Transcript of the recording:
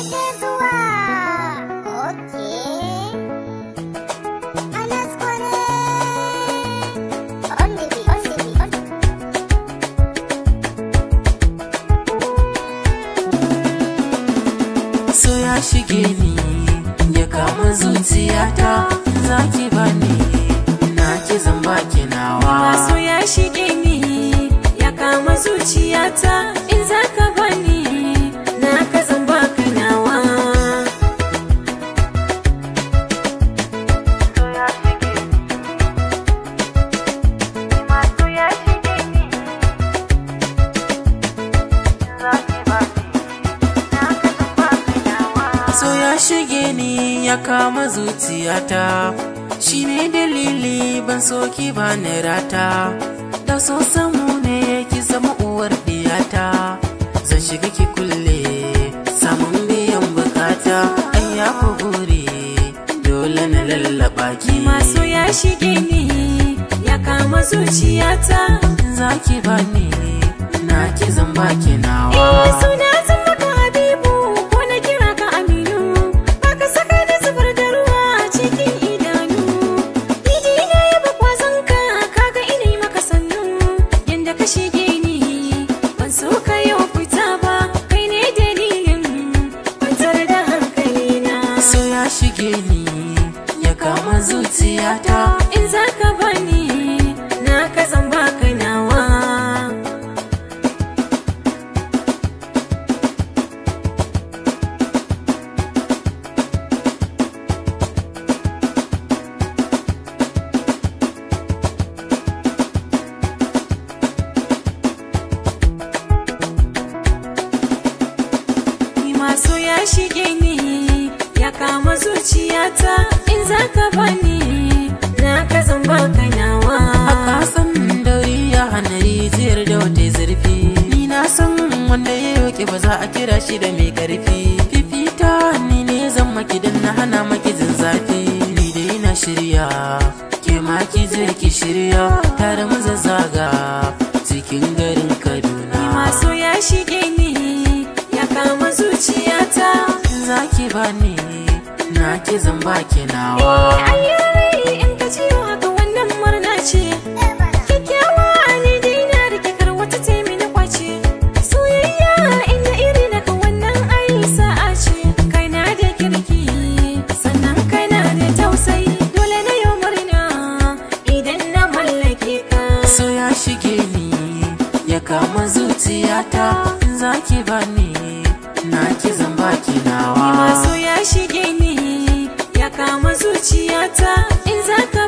kake zuwa okay ya shige ni ya kama zuciyata zaki bani na ki zamba ki nawa so ya shige ni ya kama zuciyata in zaka so ya shige ni ya kama zuciyata shi ne dalili ban soki ba ni rata da so samu ne ki zama uwar diyata zan shiga ki kulle samun biyan bukata an ya gure dole na lallaba ki maso ya shige ni ya kama zuciyata zaki ba ni na ki zan ki nawa shige ni ya kama zuciyata in za ka bani na ka zan baka nawa Masu ya shige ni kama zuciyata in za ka bani na ka zan ka nawa a kasan dauri ya hana rijiyar da wata zurfi ni na san wanda ya yoke ba za a kira shi da mai karfi fifita ni ne zan maki don na hana maki jin zafi ni dai na shirya ke maki je ki shirya tare mu zazzaga cikin garin kaduna so ya shige ni ya kama zuciyata zaki bani na ki zan baki nawa ayyari in ka ciyo haka wannan murna ce kyakkyawa ni dai na rike kar wata ce soyayya inda iri na ka wannan ai sa'a ce kai da kirki sannan kana da tausayi dole na murna idan na mallake ka so ya shige ni ya kama zuciyata zaki bani na ki zan baki nawa. Ni ya shige ni kama zuciyata in zaka